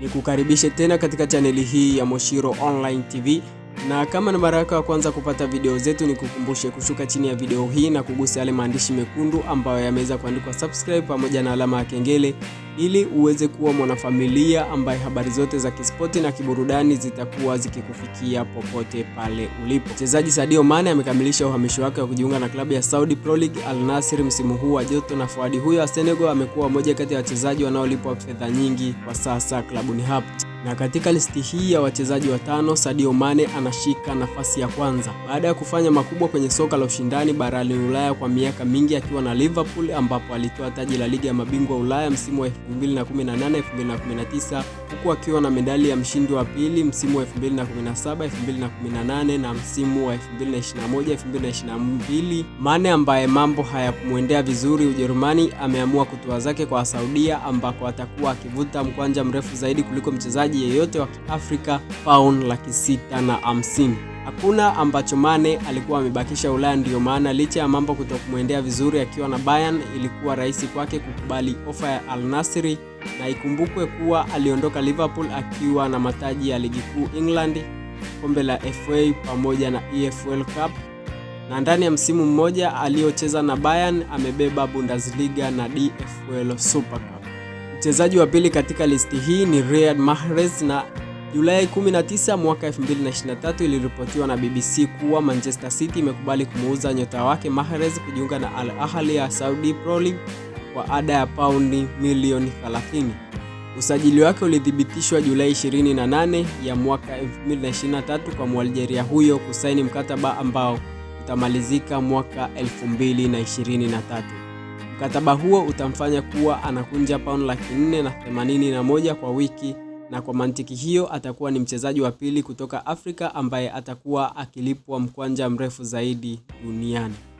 ni kukaribishe tena katika chaneli hii ya Moshiro Online TV na kama ni mara yako ya kwanza kupata video zetu, ni kukumbushe kushuka chini ya video hii na kugusa yale maandishi mekundu ambayo yameweza kuandikwa subscribe pamoja na alama ya kengele, ili uweze kuwa mwanafamilia ambaye habari zote za kispoti na kiburudani zitakuwa zikikufikia popote pale ulipo. Mchezaji Sadio Mane amekamilisha uhamisho wake wa kujiunga na klabu ya Saudi Pro League Al Nassr msimu huu wa joto, na fuadi huyo wa Senegal amekuwa moja kati ya wachezaji wanaolipwa fedha nyingi kwa sasa klabuni hapo na katika listi hii ya wachezaji watano Sadio Mane anashika nafasi ya kwanza baada ya kufanya makubwa kwenye soka la ushindani barani Ulaya kwa miaka mingi akiwa na Liverpool ambapo alitoa taji la ligi ya mabingwa Ulaya msimu wa 2018-2019 huku akiwa na medali ya mshindi wa pili msimu wa 2017, 2018 na msimu wa 2021, 2022. Mane ambaye mambo hayakumwendea vizuri Ujerumani ameamua kutua zake kwa Saudia ambako atakuwa akivuta mkwanja mrefu zaidi kuliko mchezaji yeyote wa Kiafrika, pauni laki sita na hamsini. Hakuna ambacho Mane alikuwa amebakisha Ulaya. Ndiyo maana licha ya mambo kutokumwendea vizuri akiwa na Bayern, ilikuwa rahisi kwake kukubali ofa ya Al Nassr na ikumbukwe kuwa aliondoka Liverpool akiwa na mataji ya ligi kuu England, kombe la FA pamoja na EFL Cup, na ndani ya msimu mmoja aliocheza na Bayern amebeba Bundesliga na DFL Super Cup. Mchezaji wa pili katika listi hii ni Riyad Mahrez na Julai 19 mwaka 2023 iliripotiwa na BBC kuwa Manchester City imekubali kumuuza nyota wake Mahrez kujiunga na Al Ahly ya Saudi Pro League kwa ada ya paundi milioni 30. Usajili wake ulithibitishwa Julai 28 ya mwaka 2023 kwa mwaljeria huyo kusaini mkataba ambao utamalizika mwaka 2023. Mkataba huo utamfanya kuwa anakunja paundi laki 4 na 81 moja kwa wiki na kwa mantiki hiyo atakuwa ni mchezaji wa pili kutoka Afrika ambaye atakuwa akilipwa mkwanja mrefu zaidi duniani.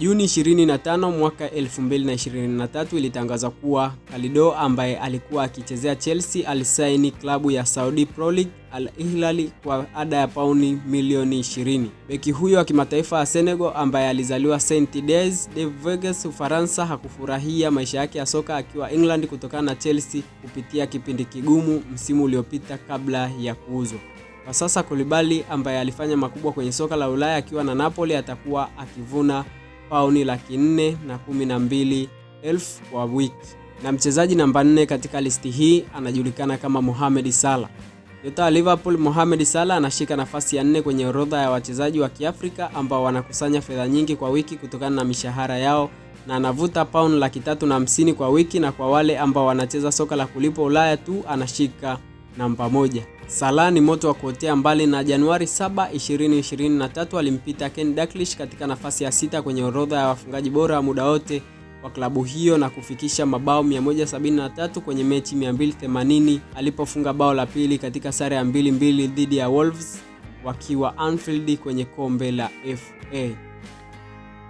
Juni 25 mwaka 2023 ilitangaza kuwa Kalidou ambaye alikuwa akichezea Chelsea alisaini klabu ya Saudi Pro League Al Hilal kwa ada ya pauni milioni 20. Beki huyo wa kimataifa ya Senegal ambaye alizaliwa Saint Denis de Voges, Ufaransa, hakufurahia maisha yake ya soka akiwa England kutokana na Chelsea kupitia kipindi kigumu msimu uliopita kabla ya kuuzwa. Kwa sasa Koulibaly ambaye alifanya makubwa kwenye soka la Ulaya akiwa na Napoli atakuwa akivuna pauni laki nne na kumi na mbili elfu kwa wiki, na mchezaji namba nne katika listi hii anajulikana kama Mohamed Salah. Nyota wa Liverpool Mohamed Salah anashika nafasi ya nne kwenye orodha ya wachezaji wa Kiafrika ambao wanakusanya fedha nyingi kwa wiki kutokana na mishahara yao na anavuta pauni laki tatu na hamsini kwa wiki, na kwa wale ambao wanacheza soka la kulipwa Ulaya tu anashika namba moja. Salah ni moto wa kuotea mbali na Januari 7, 2023 alimpita Ken Dalglish katika nafasi ya sita kwenye orodha ya wafungaji bora wa muda wote wa klabu hiyo na kufikisha mabao 173 kwenye mechi 280 alipofunga bao la pili katika sare ya 2-2 dhidi ya Wolves wakiwa Anfield kwenye kombe la FA.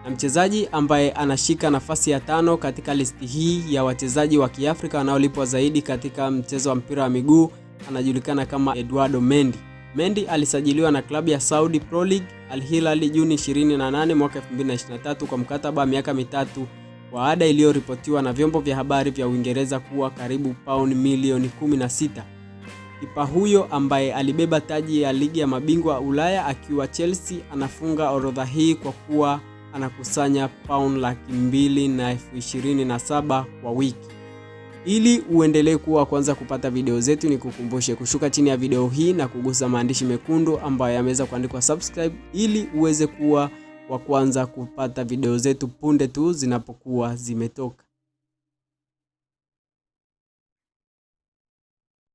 Na mchezaji ambaye anashika nafasi ya tano katika listi hii ya wachezaji wa Kiafrika wanaolipwa zaidi katika mchezo wa mpira wa miguu anajulikana kama Eduardo Mendy. Mendy alisajiliwa na klabu ya Saudi Pro League Al Hilal Juni 28 mwaka 2023 kwa mkataba wa miaka mitatu kwa ada iliyoripotiwa na vyombo vya habari vya Uingereza kuwa karibu pauni milioni 16. Kipa huyo ambaye alibeba taji ya ligi ya mabingwa Ulaya akiwa Chelsea anafunga orodha hii kwa kuwa anakusanya pauni laki mbili na elfu ishirini na saba kwa wiki. Ili uendelee kuwa kwanza kupata video zetu, ni kukumbushe kushuka chini ya video hii na kugusa maandishi mekundu ambayo yameweza kuandikwa subscribe, ili uweze kuwa wa kwanza kupata video zetu punde tu zinapokuwa zimetoka.